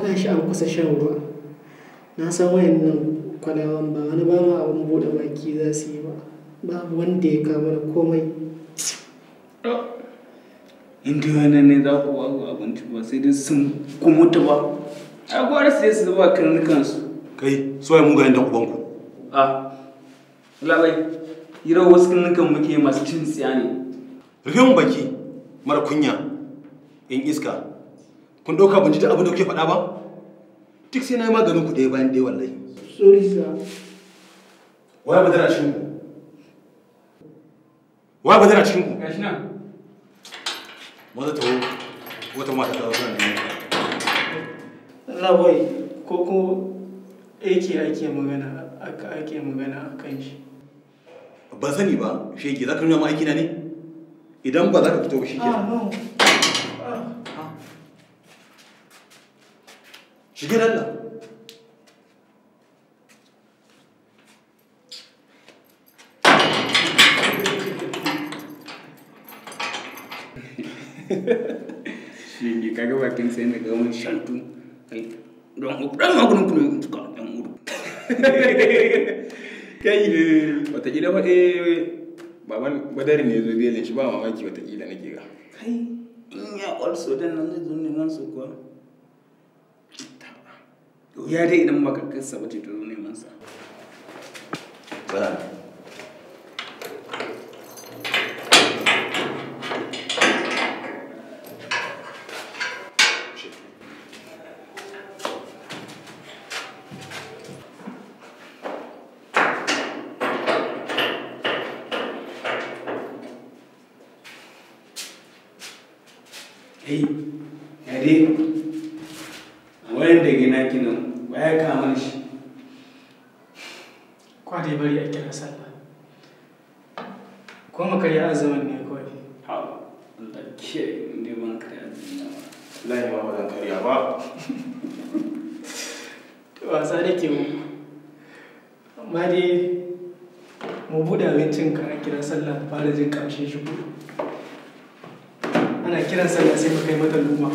kuma shi an kusa shan ruwa na san wayan nan kwalawan ba wani ba ma abin buɗe baki za su yi ba ba wanda ya kama da komai in dai wannan ne za ku wago abinci ba sai dai sun ku mutu ba a gwara sai su zuba karnukansu kai su waye mugayen da ubanku a labai yiro wasu karnukan muke masu cin siya ne rufe mu baki mara kunya in iska kun dauka ban ji duk abin da kuke faɗa ba duk sai na yi maganin ku ɗaya bayan ɗaya wallahi sorry sir wai ba cikin ku wai ba a cikin ku gashi nan wata tawo wata mata ta zuwa ne Allah boy ko ko yake ake magana aka ake magana kan shi ban sani ba shege za ka nuna ma aiki na ne idan ba za ka fito ba shi ke shiga nan nan shi kaga bakin sai na gawon shantu don ɗan magunan kuna yin tuka ɗan wuri kai watakila ba eh baban badari ne zo belin shi ba mamaki watakila nake ga kai in ya ƙwarso dan ya dai idan ba kasa ba ce ta neman sa. ko mu karya azumin ne kawai ha Allah ke ne ban karya azumin ba Allah ya ba zan karya ba to wasa da ke mu amma dai mu bude abincin ka a kira sallah fara jin kamshin shi ana kiran sallah sai mu kai mata luma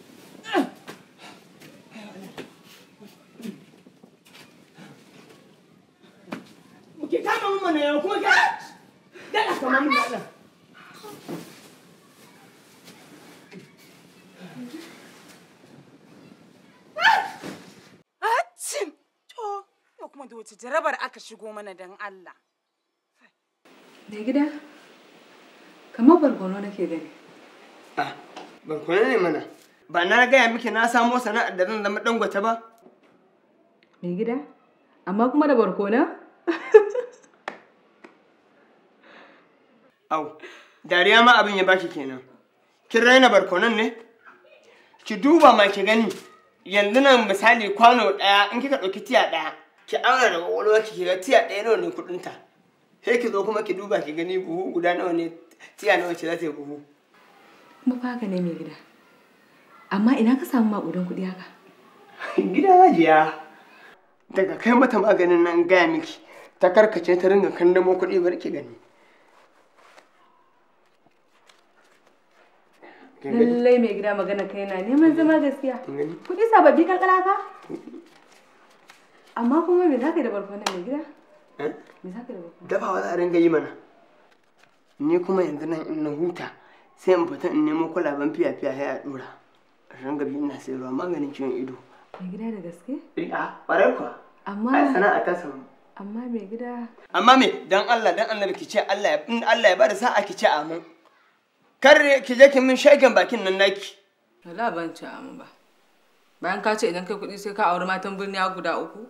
Ahmad wace jarabar aka shigo mana don Allah. Me gida? Kamar bargono nake gani. Ah, bargono ne mana. Ba na gaya miki na samo sana'ar da zan zama dangote ba. Me gida? Amma kuma da barkona? Au, dariya ma abin ya baki kenan. Kin raina barkonan ne? Ki duba ma ki gani. yanzu nan misali kwano ɗaya in kika ɗauki tiya ɗaya ki auna da kwakwalwa ki ga tiya ɗaya nawa ne kuɗin ta sai ki zo kuma ki duba ki gani buhu guda nawa ne tiya nawa ce za ta yi buhu kuma fa haka ne mai gida amma ina ka samu maƙudan kuɗi haka gida hajiya daga kai mata maganin nan gaya miki ta karkace ta ringa kandamo kuɗi bar ki gani lallai mai gida magana kai na neman zama gaskiya kuɗi sababbi karkara ka amma kuma me za ka yi da barkonon mai gida eh? me za ka a ringa yi mana ni kuma yanzu nan in na huta sai in fita in nemo kwalaben fiya ya dora ringa biyu na sai ruwa maganin ciwon ido mai gida da gaske eh a ƙwarai kuwa amma ai sana'a ta samu amma mai gida amma me dan Allah dan Allah ki ce Allah in Allah ya bada sa'a ki ce amin kar ki je ki min shagen bakin nan naki wala ban ce amin ba bayan ka ce idan kai kuɗi sai ka auri matan birni guda uku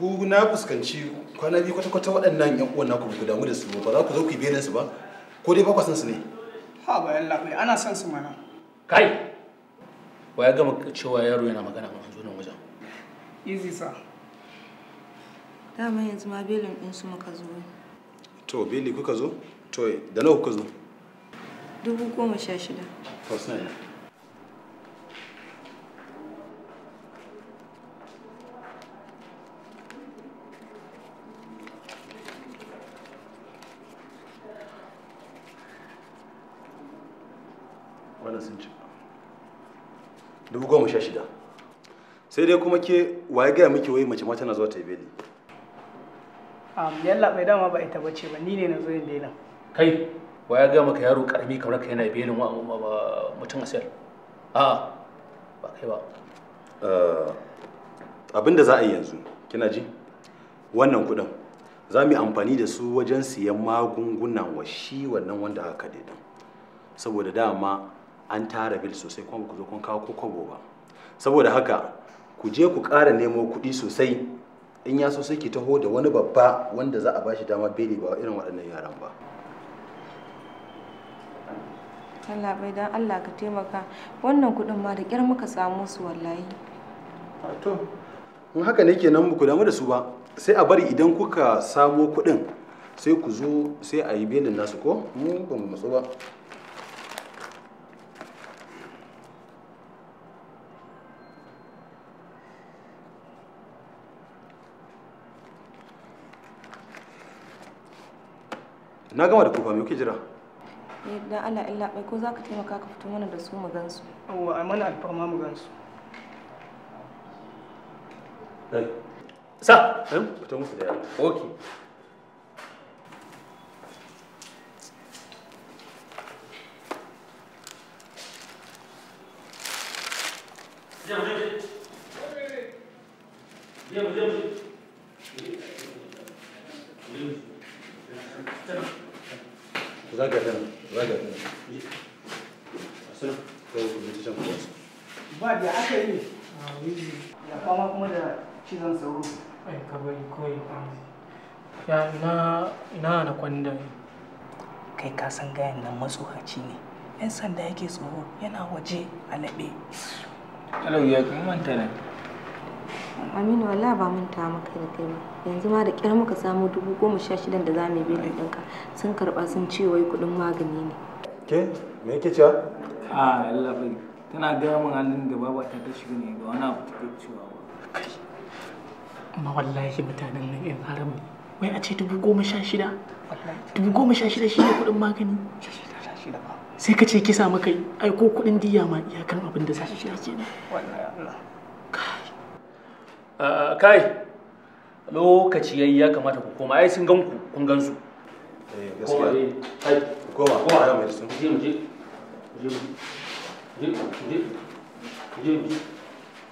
ku na fuskanci kwana biyu kwata-kwata waɗannan yan uwan naku ku damu da su ba za ku zo ku biye su ba ko dai ba san su ne ha yalla kai ana son su mana kai wa ya gama cewa yaro yana magana ba an zo nan wajen easy sa dama yanzu ma belin din su muka zo to beli kuka zo to da nawa kuka zo dubu goma sha shida to sai malam sun ci dubu goma sha shida sai dai kuma ke waye gaya muke wai mace ma tana zuwa ta yi beli yalla bai dama ba ita bace ba ni ne na zo yin belin kai waye gaya maka yaro karami kamar ka yana belin mutum asir a ba kai ba eh, abin da za a yi yanzu kina ji wannan kudin za mu yi amfani da su wajen siyan magungunan wa shi wannan wanda aka kaɗe saboda dama an tara bil sosai kuma ku zo kun kawo ko kobo ba saboda haka ku je ku ƙara nemo kuɗi sosai in ya so sai ki taho da wani babba wanda za a bashi dama beli ba irin waɗannan yaran ba Allah bai dan Allah ka taimaka wannan kuɗin ma da ƙyar muka samu su wallahi to in haka ne kenan ku damu da su ba sai a bari idan kuka samo kuɗin sai ku zo sai a yi belin nasu ko mu ba mu matsu ba na gama da kofa me kuke jira eh dan Allah illa bai ko zaka taimaka ka fito mana da su mu gan su awwa ai mana alfarma mu gan su sa eh fito mu da yara okay Yeah, yeah, yeah. ya na na na kwanda kai ka san gayan nan matsohaci ne yan sanda yake tsoro yana waje a laɓe alau ya kuma manta ne aminu wallahi ba manta maka da kai ba yanzu ma da kyar muka samu dubu goma sha shidan da za mu bi ɗinka sun karɓa sun ce wai kuɗin magani ne ke me yake cewa a Allah bai tana gaya min halin da baba ta ta shiga ne ga wani abu take cewa kai amma wallahi mutanen nan yan haramun. wai a ce dubu goma sha shida dubu goma sha shida shi ne kudin magani sai ka ce kisa maka aiko ai ko kuɗin diya ma iyakan abin da za shi shida ke kai lokaci yayi ya kamata ku koma ai sun gan ku kun gan su eh, koma koma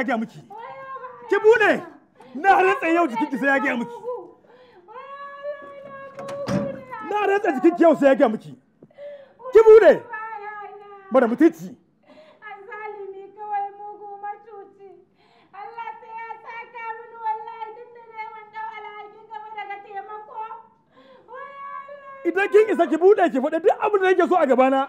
na gaya miki ki bude na rantsa yau jikinki sai ya gaya miki na rantsa jikinki yau sai ya gaya miki ki bude mara mutunci idan kin isa ki bude ki faɗa duk abin da yake so a gabana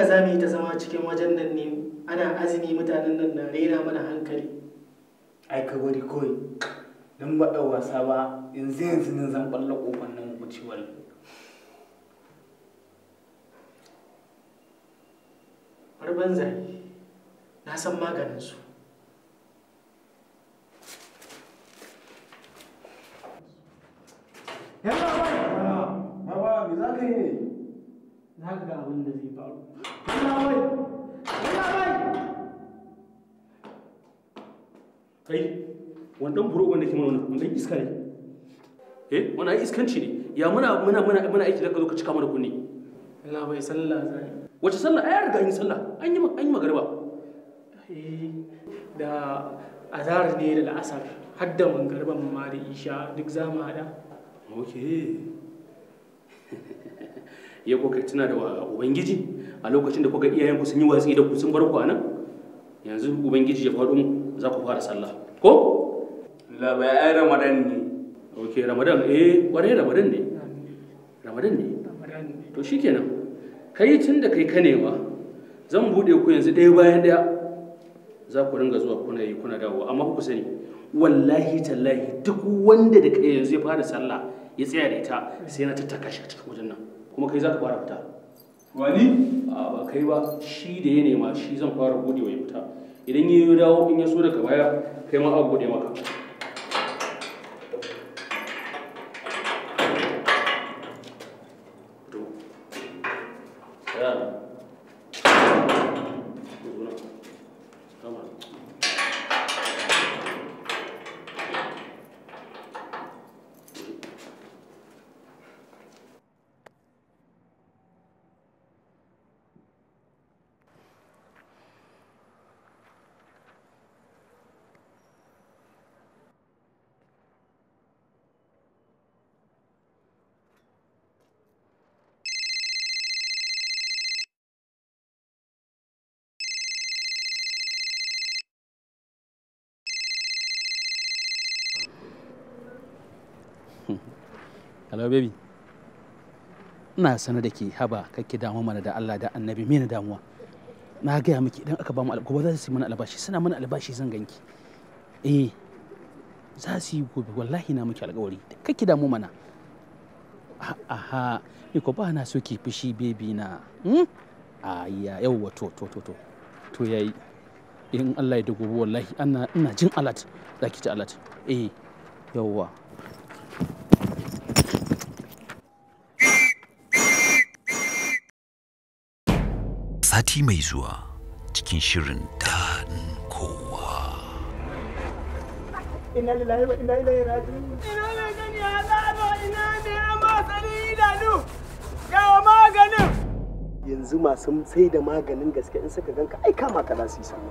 haka za mu yi ta zama cikin wajen nan ne ana azumi mutanen nan na rera mana hankali ai ka gwari kawai don ba ɗau wasa ba yanzu yanzu nan zan ɓalla ƙofar nan wucewar har banza na san maganin su. za ka ga abin da zai faru kai wannan buro wanda ke mana wannan iska ne eh wannan iskanci ne ya muna aiki da ka zo ka cika mana kunni Allah bai sallah zai wace sallah ai riga an sallah an yi an yi eh, da ne da hadda garban ma isha duk za mu hada ya kuka tuna da ubangiji a lokacin da kuka iyayen ku sun yi watsi da ku sun bar ku anan yanzu ubangiji ya faɗo muku za ku fara sallah ko labarai ramadan ne ok ramadan eh kwarai ramadan ne ramadan ne to shikenan kai tun da kai kanewa zan bude ku yanzu ɗaya bayan ɗaya za ku ringa zuwa kuna yi kuna dawo amma ku sani wallahi tallahi duk wanda da kai yanzu ya fara sallah ya tsaya da ita sai na tattaka shi a cikin wajen nan kuma kai za ka fara fita wani ba kai ba shi da ya nema shi zan fara gode wa ya fita idan ya yi dawo in ya so daga baya kai ma a gode maka Yeah. hello baby ina sanar da ke haba kake damu mana da Allah da annabi mena damuwa na gaya miki idan aka ba mu gobe za su yi mana albashi suna mana albashi zan ganki eh za su yi gobe wallahi na miki alƙawari kake damu mana aha ni ko ba na so ki fushi baby na hmm? ayya yau to to to to to yayi in Allah ya da gobe wallahi ina jin alat zaki ta alat eh yawwa sati mai zuwa cikin shirin daɗin kowa. Ina wa Ina ne ina ne Yanzu masu sai da maganin gaske in suka ganka ai kama ka lasi sama.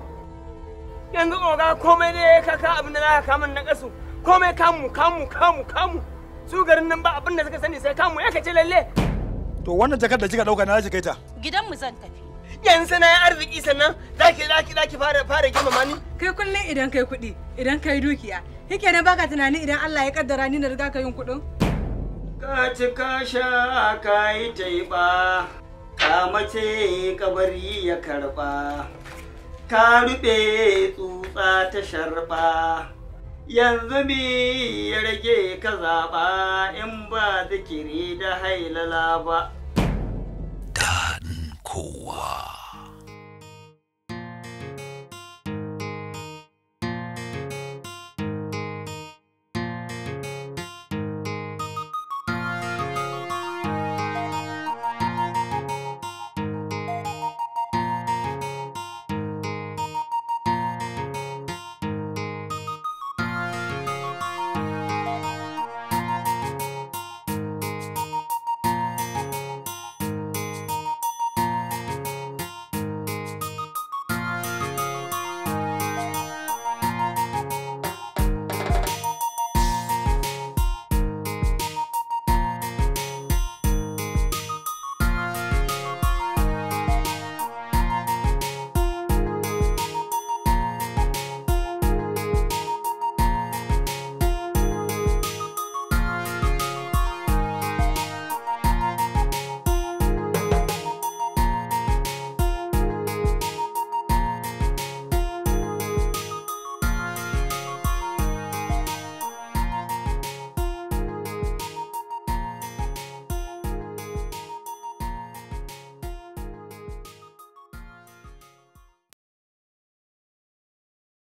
Yanzu ƙoga komai ne ya kaka abin da za ka kamun na ƙasu. Komai kamu kamu kamu kamu. Su garin nan ba abin da suka sani sai kamu ya ka ce lalle. To wannan jakar da kika ɗauka na kika kaita. Gidan mu zan tafi. yanzu na arziki sannan zaki zaki zaki fara fara gima mani. kai kullum idan kai kuɗi idan kai dukiya kike na baka tunani idan Allah ya kaddara ni na riga ka yin kuɗin ka ci ka sha ka yi taiba ka mace kabari ya karba ka rufe tsutsa ta sharba yanzu mi ya rage ka zaɓa in ba zikiri da hailala ba Cool.